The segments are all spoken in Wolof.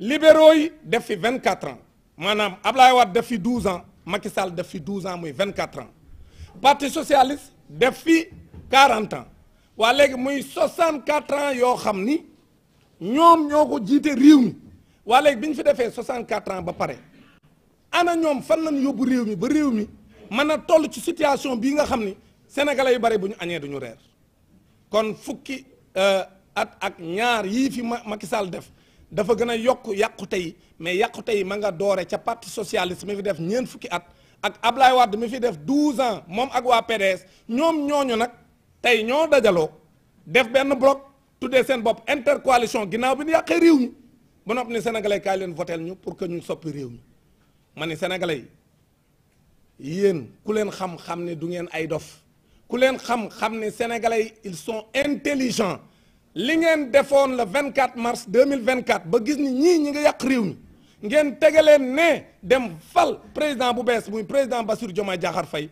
libéraux yi def fi 24 ans maanaam Ablaye Wade def fi 12 ans Macky Sall def fi 12 ans muy 24 ans parti socialiste def fi quarante ans waa léegi muy 64 ans yoo xam ni ñoom ñoo ko jiite réew mi waa léegi bi ñu fi defee 64 ans ba pare ana ñoom fan lañ yóbbu réew mi ba réew mi mën na toll ci situation bii nga xam ni sénégalais yu bari bu ñu añee duñu reer kon fukki euh, at ak ñaar yii fi Macky Sall def. dafa gën a yokk yàqute yi mais yàqute yi ma nga doore ca parti socialiste mi fi def ñeent fukki at ak Ablaye Wade mi fi def 12 ans moom ak waa PDS ñoom ñooñu nag tey ñoo dajaloo def benn bloc tuddee seen bopp intercoalition ginnaaw bi ñu yàqee réew mi ba noppi ni sénégalais kaay leen votel ñu pour que ñu soppi réew mi ma ni sénégalais yi yéen ku leen xam xam ne du ngeen ay dof ku leen xam xam ne sénégalais yi ils sont intelligents li ngeen defoon le 24 mars 2024 ba gis ni ñii ñi nga yàq réew mi ngeen tegaleen ne dem fal président bu bees muy président Bassirou Diomaye Diakhar fay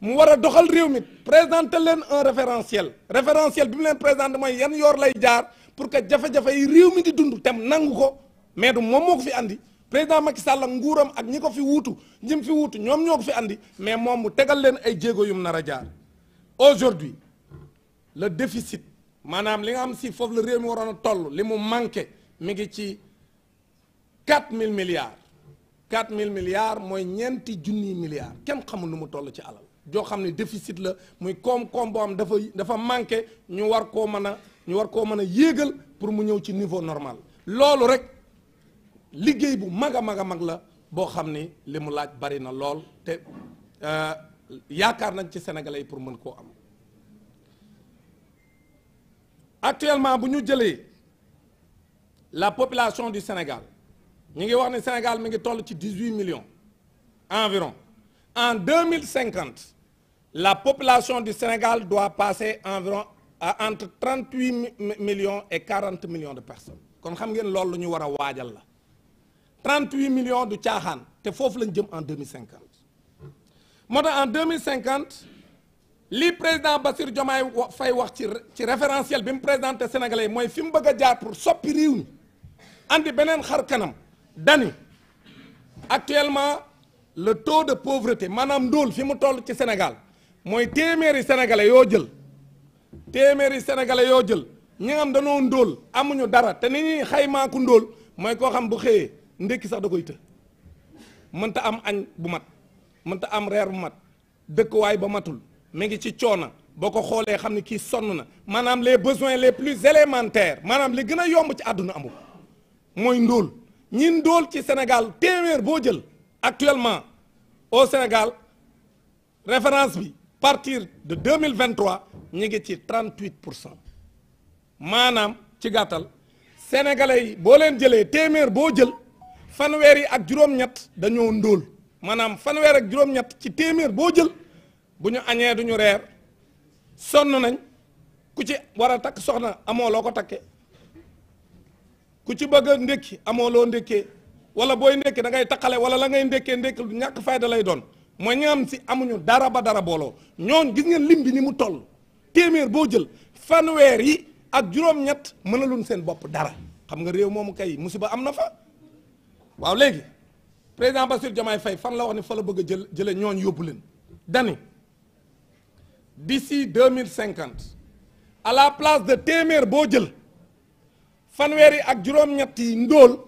mu war a doxal réew mi présenté leen un référentiel référentiel bi mu leen présenté mooy yan yoor lay jaar pour que jafe-jafe yi réew mi di dund tem nangu ko mais du moom moo ko fi indi président Macky Sall nguuram ak ñi ko fi wuutu ñim fi wuutu ñoom ñoo ko fi andi mais moom mu tegal leen ay jéego yum nar a jaar aujourd'hui le déficit maanaam li nga xam si foofu la réew mi waroon a tollu li mu manqué mi ngi ci 4000 milliards 4000 milliards mooy ñeenti junniy milliards kenn xamul nu mu toll ci alal joo xam ne déficit la muy koom-koom boo am dafa dafa manqué ñu war koo mën a ñu war koo mën a yéegal pour mu ñëw ci niveau normal loolu rek liggéey bu mag a mag a mag la boo xam ni li mu laaj bari na lool te euh, yaakaar nañ ci sénégalais yi pour mën koo am. actuellement bu ñu jëlee la population du Sénégal ñu ngi wax ne Sénégal mi ngi toll ci dix huit millions environ en deux mille cinquante la population du Sénégal doit passer environ à entre trente huit millions et quarante millions de personnes kon xam ngeen loolu lu ñu war a waajal la trente huit millions du caaxaan te foofu lañ jëm en deux mille cinquante moo tax en cinquante li président Bassirou Diomaye Faye wax ci ci référentiel bi mu présenté Sénégalais mooy fi mu bëgg a jaar pour soppi réew mi andi beneen xar kanam dani actuellement le taux de pauvreté maanaam ndóol fi mu toll ci Sénégal mooy téeméeri sénégalais yoo jël téeméeri sénégalais yoo jël ñi dañoo ndóol amuñu dara te ni ñuy xaymaa ndóol mooy koo xam bu xëyee ndékki sax da koy të mënta am añ bu mat mënta am reer bu mat dëkkuwaay ba matul. mi ngi ci coona boo ko xoolee xam ne kii sonn na maanaam les besoins les plus élémentaires maanaam li gën a yomb ci àdduna amul mooy ndóol ñi ndóol ci Sénégal téeméer boo jël actuellement au Sénégal référence bi partir de mille 2023 ñu ngi ci 38 pour cent maanaam ci gàttal sénégalais yi boo leen jëlee téeméer boo jël fanweer yi ak juróom-ñett dañoo ndóol maanaam fanweer ak juróom-ñett ci téeméer boo jël bu ñu añee duñu reer sonn nañ ku ci war a takk soxna amoo loo ko takke ku ci bëgg a ndékki amoo loo ndékkee wala booy ndékki da ngay taqale wala la ngay ndékkee ndékki lu ñàkk fayda lay doon mooy ñi si amuñu dara ba dara booloo ñooñ gis ngeen lim bi ni mu toll téeméer boo jël fanweer yi ak juróom-ñett mënaluñ seen bopp dara xam nga réew moomu kay musiba am na fa waaw léegi président Bassirou Diomaye fay fan la wax ni fa la bëgg a jël jële ñooñ yóbbu leen dani si deux mille cinquante à la place de téeméer boo jël fanweer yi ak juróom-ñett ndóol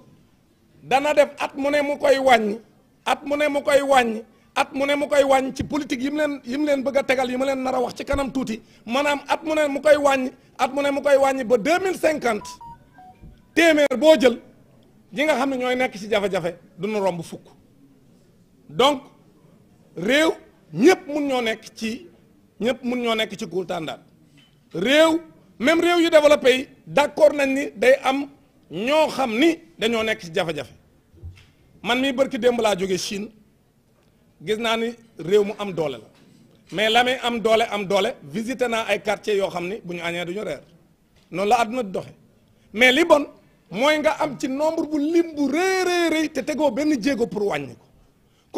dana def at mu ne mu koy wàññi at mu ne mu koy wàññi at mu ne mu koy wàññi ci politique yi mu leen yi mu leen bëgg a tegal yi ma leen nara wax ci kanam tuuti maanaam at mu ne mu koy wàññi at mu ne mu koy wàññi ba deux mille cinquante téeméer boo jël yi nga xam ne ñooy nekk ci jafe-jafe du nu romb fukk donc réew ñépp mun ñoo nekk ci. ñëpp mun ñoo nekk ci guul tàndaat réew même réew yu développé yi d'accord nañ ni day am ñoo xam ni dañoo nekk ci jafe-jafe man mii bërki démb laa jóge Chine gis naa ni réew mu am doole la mais la may am doole am doole visité naa ay quartiers yoo xam ni bu ñu añee duñu reer noonu la àdduna di doxe mais li bon mooy nga am ci nombre bu lim bu rëy rëy rëy te tegoo benn jéego pour wàññi ko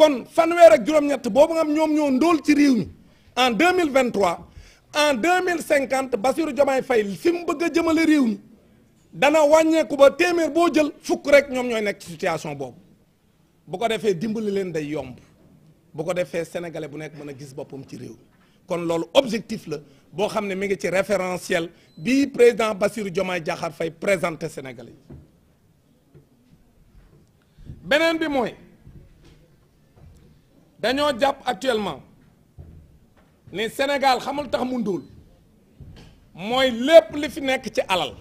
kon fanweer ak juróom-ñett boobu nga am ñoom ñoo ndóol ci réew mi en 2023 en 2050 Bassirou Diomaye Faye fi mu bëgg a jëmale réew mi dana wàññeeku ba téeméer boo jël fukk rek ñoom ñooy nekk ci situation boobu bu ko defee dimbali leen day yomb bu ko defee sénégalais bu nekk mën a gis boppam ci réew mi kon loolu objectif la boo xam ne mi ngi ci référentiel bi président Bassirou Diomaye Diakhar fay présenté sénégalais yi beneen bi mooy dañoo jàpp actuellement ne Sénégal xamul tax mu ndóol mooy lépp li fi nekk ci alal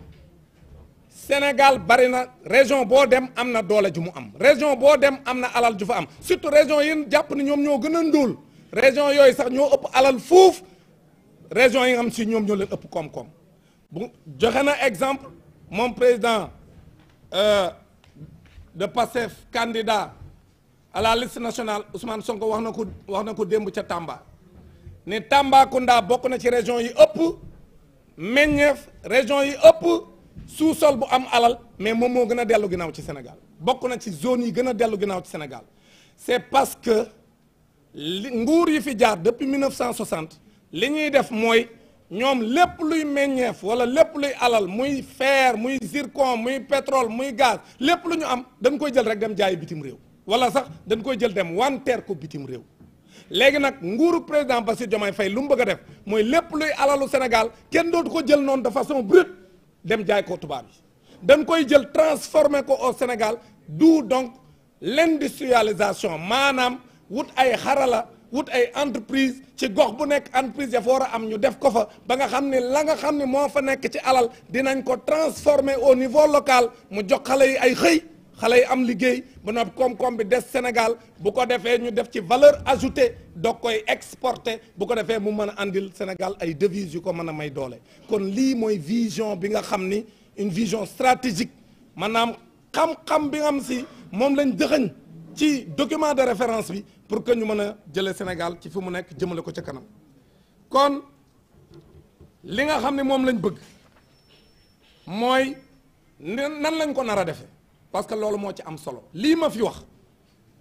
Sénégal bari na région boo dem am na doole ju mu am région boo dem am na alal ju fa am surtout région yi jàpp ni ñoom ñoo gën a ndóol région yooyu sax ñoo ëpp alal fuuf région yi nga xam si ñoom ñoo leen ëpp koom-koom bu joxe na exemple moom président euh, de Pastef candidat à la liste nationale Ousmane Sonko wax na ko wax na ko démb ca tàmba ne Tambacounda bokk na ci région yi ëpp meññeef région yi ëpp sous-sol bu am alal mais moom moo gën a dellu ginnaaw ci Sénégal bokk na ci zone yi gën a dellu ginnaaw ci Sénégal c'est parce que li nguur yi fi jaar depuis 1960 li ñuy def mooy ñoom lépp luy meññeef wala lépp luy alal muy fer muy zircon muy pétrole muy gaz lépp lu ñu am dañ koy jël rek dem jaayi bitim réew wala sax dañ koy jël dem wanteer ko bitim réew léegi nag nguuru président Bassirou Diomaye Faye lu mu bëgg a def mooy lépp luy alalu Sénégal kenn dootu ko jël noonu de façon brute dem jaay ko tubaab yi dañ koy jël transformer ko au Sénégal du donc l'industrialisation maanaam wut ay xarala wut ay entreprise ci gox bu nekk entreprise ya fa war a am ñu def ko fa ba nga xam ne la nga xam ni moo fa nekk ci alal dinañ ko transformer au niveau local mu jox xale yi ay xëy xale yi am liggéey ba noppi koom-koom bi des Sénégal bu ko defee ñu def ci valeur ajoutée doog koy exporté bu ko defee mu mën a andil Sénégal ay devises yu ko mën a may doole kon lii mooy vision bi nga xam ni une vision stratégique maanaam xam-xam bi am si moom lañ dëxëñ ci document de référence bi pour que ñu mën a jëlee Sénégal ci fi mu nekk jëmale ko ci kanam kon li nga xam ni moom lañ bëgg mooy nan lañ ko nar a defee parce que loolu moo ci am solo lii ma fi wax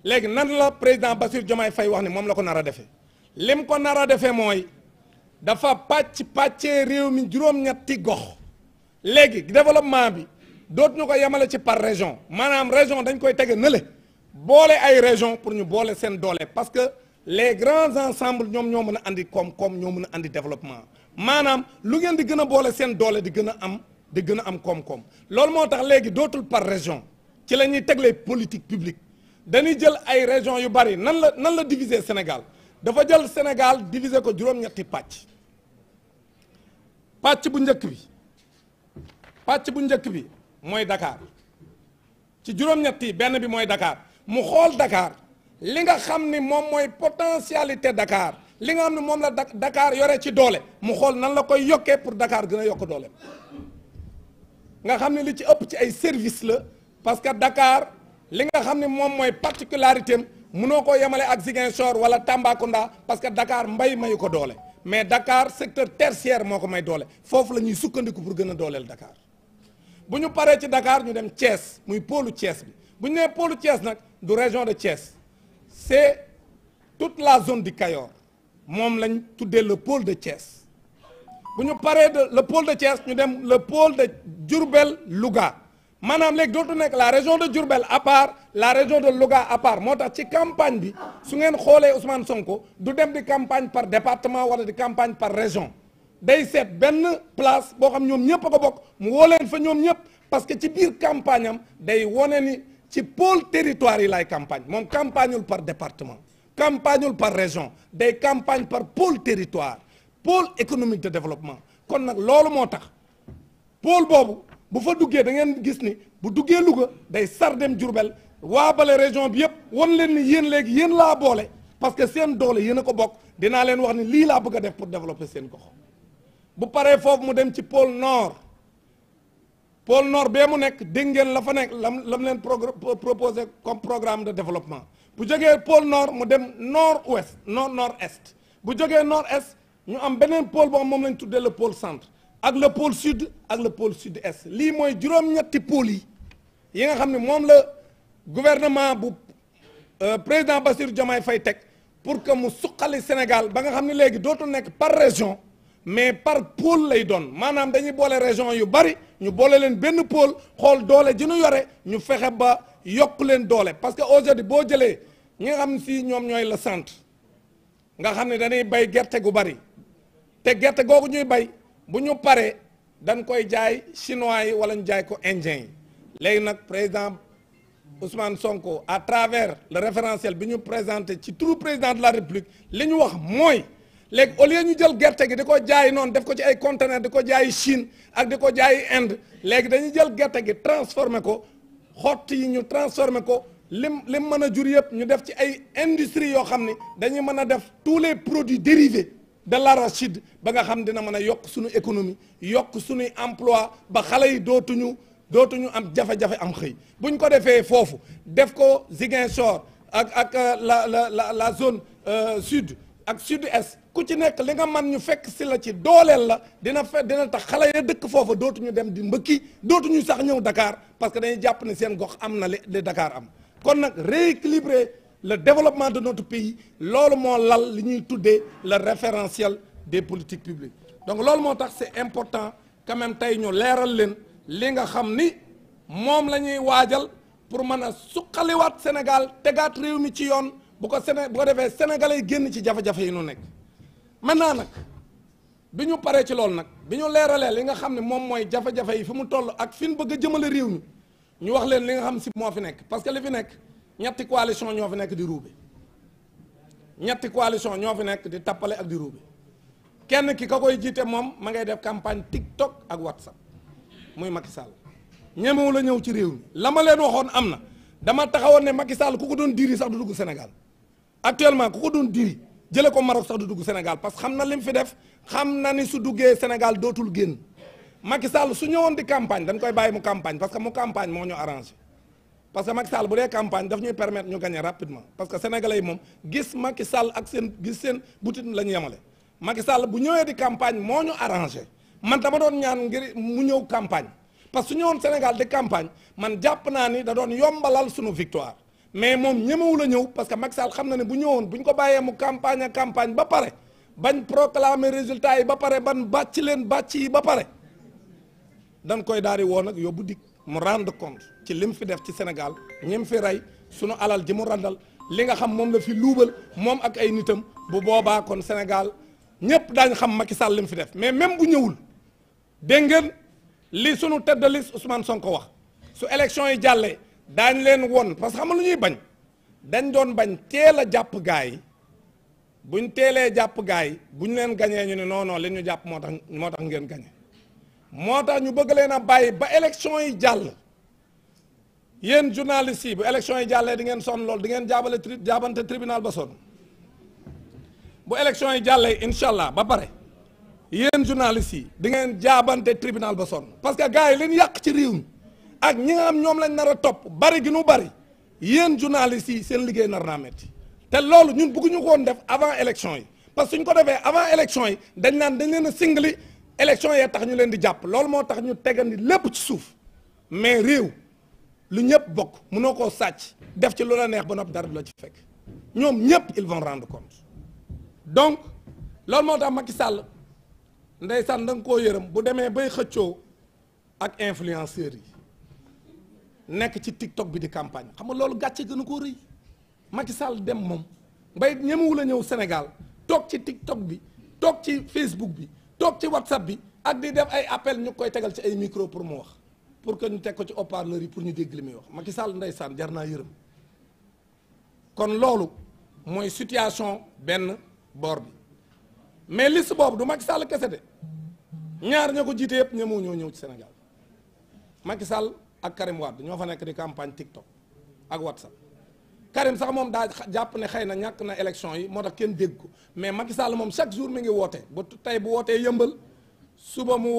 léegi nan la président Bassirou Diomaye fay wax ni moom la ko nar a defee lim ko nar a defee mooy dafa pàcc pàccee réew mi juróom-ñetti gox léegi développement bi dootuñu ko yamale ci par région maanaam région dañ koy tege nële boole ay région pour ñu boole seen doole parce que les grands ensembles ñoom ñoo mën a andi koom-koom ñoo mën a andi développement maanaam lu ngeen di gën a boole seen doole di gën a am di gën a am koom loolu moo tax léegi dootul par région ci lañuy teglee politique publique dañuy jël ay régions yu bari nan la nan la diviser Sénégal dafa jël Sénégal diviser ko juróom-ñetti pàcc pàcc bu njëkk bi pàcc bu njëkk bi mooy Dakar ci juróom-ñetti benn bi mooy dakaar mu xool dakaar li nga xam ni moom mooy potentialité dakaar li nga xam ne moom la dakaar yore ci doole mu xool nan la koy yokkee pour dakaar gën a yokk doole nga xam ne li ci ëpp ci ay service la. parce que dakaar li nga xam ne moom mooy particularité am munoo ko yemale ak Ziguinchor wala Tambacounda parce que Dakar mbay mayu ko doole mais dakaar secteur tertiaire moo ko may doole foofu la ñuy sukkandiku pour gën a dooleel Dakar bu ñu paree ci dakaar ñu dem Thiès muy pôlu Thiès bi bu ñu nee pôlu Thiès nag du région de Thiès c'est toute la zone du Cayor moom lañ tuddee le pôle de Thiès bu ñu paree de le pôle de Thiès ñu dem le pôle de Diourbel Louga maanaam léegi dootu nekk la région de Diourbel à la région de Louga à moo tax ci campagne bi su ngeen xoolee Ousmane Sonko du dem di campagne par département wala di campagne par région day seet benn place boo xam ñoom ñëpp a ko bokk mu woo leen fa ñoom ñëpp parce que ci biir campagne am day wone ni ci pôle territoire yi lay campagne moom campagneul par département campagneul par région day campagne par pôle territoire pôle économique de développement kon nag loolu moo tax pôle boobu. bu fa duggee da ngeen gis ni bu duggee Louga day sar dem waa bale région bi yëpp wan leen ni yéen léegi yéen laa boole parce que seen doole yéen a ko bokk dinaa leen wax ni lii laa bëgg a def pour développer seen gox bu paree foofu mu dem ci pôle nord pôle nord bee mu nekk dégg ngeen la fa nekk lam lam leen proposé comme programme de développement bu jógee pôle nord mu dem nord ouest nord nord est bu jógee nord est ñu am beneen pôle boo xam moom lañ tuddee la pôle centre ak le pôle sud ak le pole sud-est lii mooy juróom-ñetti pôle yi yi nga xam ne moom la gouvernement bu euh, président Bassirou Diomaye fay teg pour que mu suqali Sénégal ba nga xam ni léegi dootul nekk par région mais par pôle lay doon maanaam dañuy boole région yu bari ñu boole leen benn pôle xool doole ji ñu yore ñu fexe ba yokk leen doole parce que aujourd'hui boo jëlee ñi nga xam ne si ñoom ñooy la sant nga xam ne dañuy bay gerte gu bari te gerte googu ñuy bay bu ñu paree dañ koy jaay chinois yi wala ñu jaay ko indien yi léegi nag président Ousmane Sonko à travers le référentiel bi ñu présenter ci turu président de la République li ñu wax mooy léegi au lieu ñu jël gerte gi di ko jaay noonu def ko ci ay conteneur di ko jaay Chine ak di ko jaay Inde léegi dañuy jël gerte gi transformé ko xott yi ñu transformé ko lim lim mën a jur yëpp ñu def ci ay industrie yoo xam ni dañuy mën a def tous les produits dérivés de l'arachide ba nga xam dina mën a yokk suñu économie yokk suñuy emploi ba xale yi dootuñu dootuñu am jafe-jafe am xëy buñ ko defee foofu def ko Ziguinchor ak ak euh, la la la la zone euh, sud ak sud-est ku ci nekk li nga man ñu fekk si la ci dooleel la dina fe dina tax xale ya dëkk foofa dootuñu dem di mbëkki dootuñu sax ñëw dakaar parce que dañuy jàpp ne seen gox am na li li Dakar am kon nag rééquilibrer le développement de notre pays loolu moo lal li ñuy tuddee le référentiel des politiques publiques donc loolu moo tax c'est important quand tey ñu leeral leen li nga xam ni moom la ñuy waajal pour mën a suqaliwaat Sénégal tegaat réew mi ci yoon bu ko Séné bu ko defee sénégalais génn ci jafe-jafe yi nu nekk naa nag bi ñu paree ci loolu nag bi ñu leeralee li nga xam ne moom mooy jafe-jafe yi fi mu toll ak fi bëgg a jëmale réew mi ñu wax leen li nga xam si moo fi nekk parce que li fi nekk. ñetti coalition ñoo fi nekk di ruube ñetti coalition ñoo fi nekk di tappale ak di ruube kenn ki ka koy jiite moom ma ngay def campagne TikTok ak WhatsApp muy Macky Sall ñemewu la ñëw ci réew mi la ma leen waxoon am na dama taxawoon ne Macky Sall ku ko doon diri sax du dugg Sénégal actuellement ku ko doon diri jële ko Maroc sax du dugg Sénégal parce que xam na li mu fi def xam na ni su duggee Sénégal dootul génn Macky Sall su ñëwoon di campagne dañ koy bàyyi mu campagne parce mu campagne moo ñu arrangé parce que Macky Sall bu dee campagne daf ñuy permettre ñu gagner rapidement parce que sénégalais yi moom gis Macky Sall ak seen gis seen butit la ñu yemale Macky Sall bu ñëwee di campagne moo ñu arrangé man dama doon ñaan ngir mu ñëw campagne parce que su ñëwoon Sénégal di campagne man jàpp naa ni da doon yombalal sunu victoire mais moom ñemewu la ñëw parce que Macky Sall xam na ne bu ñëwoon bu ñu ko bàyyee mu campagne ak campagne ba pare bañ proclamer résultat yi ba pare ban bàcc leen bàcc ba pare dañ koy daal di woon ak yóbbu dikk mu rendre compte ci lim fi def ci Sénégal ñim fi rey sunu alal ji mu randal li nga xam moom la fi luubal moom ak ay nitam bu boobaa kon Sénégal ñëpp daañ xam Macky Sall lim fi def mais même bu ñëwul dégg ngeen li sunu tête de liste ko wax su élection yi jàllee daañ leen won parce que xam lu ñuy bañ dañ doon bañ teel a jàpp gaay yi buñ teelee jàpp gaay yi buñ leen gañee ñu ne noonoo non li ñu jàpp moo tax moo tax ngeen gañe moo tax ñu bëgg leen a bàyyi ba élection yi jàll yéen journalistes yi bu élection yi jàllee di ngeen sonn lool di ngeen jaabale tri jaabante tribunal ba sonn bu yi jàllee incha allah ba pare yéen journalistes yi di ngeen jaabante tribunal ba sonn parce que gars yi leen yàq ci réew mi ak ñi nga am ñoom lañ nara topp bari gi nu bari yéen journalistes yi seen liggéey nar naa metti te loolu ñun bëgguñu ko woon def avant élection yi parce que suñ ko defee avant élection yi dañ naan dañ leen a singli élection yee tax ñu leen di jàpp loolu moo tax ñu tegandi lépp ci suuf mais réew lu ñëpp bokk mënoo koo sàcc def ci lu la neex ba noppi dara du la ci fekk ñoom ñëpp ils vont rendre compte donc loolu moo tax Macky sàll ndeysaan da nga koo yërëm bu demee bay xëccoo ak influenceurs yi nekk ci TikTok bi di campagne xam nga loolu gàcce gën a koo rëy Macky sàll dem moom mbay ñemewu la ñëw Sénégal toog ci TikTok bi toog ci Facebook bi. toog ci whatsapp bi ak di def ay appel ñu koy tegal ci ay micro pour mu wax pour que ñu teg ko ci haut-parleur yi pour ñu dégg li muy wax Macky Sall ndeysaan jar naa yërëm kon loolu mooy situation benn boor bi mais liste boobu du Macky Sall kese de ñaar ña ko jiite yëpp ñemoo ñoo ñëw ci senegal Macky Sall ak Karim Wade ñoo fa nekk di campagne TikTok ak whatsapp Karim sax moom daa jàpp ne xëy na ñàkk na élection yi moo tax kenn dégg ko mais Macky Sall moom chaque jour mi ngi woote ba tey bu wootee yëmbal suba mu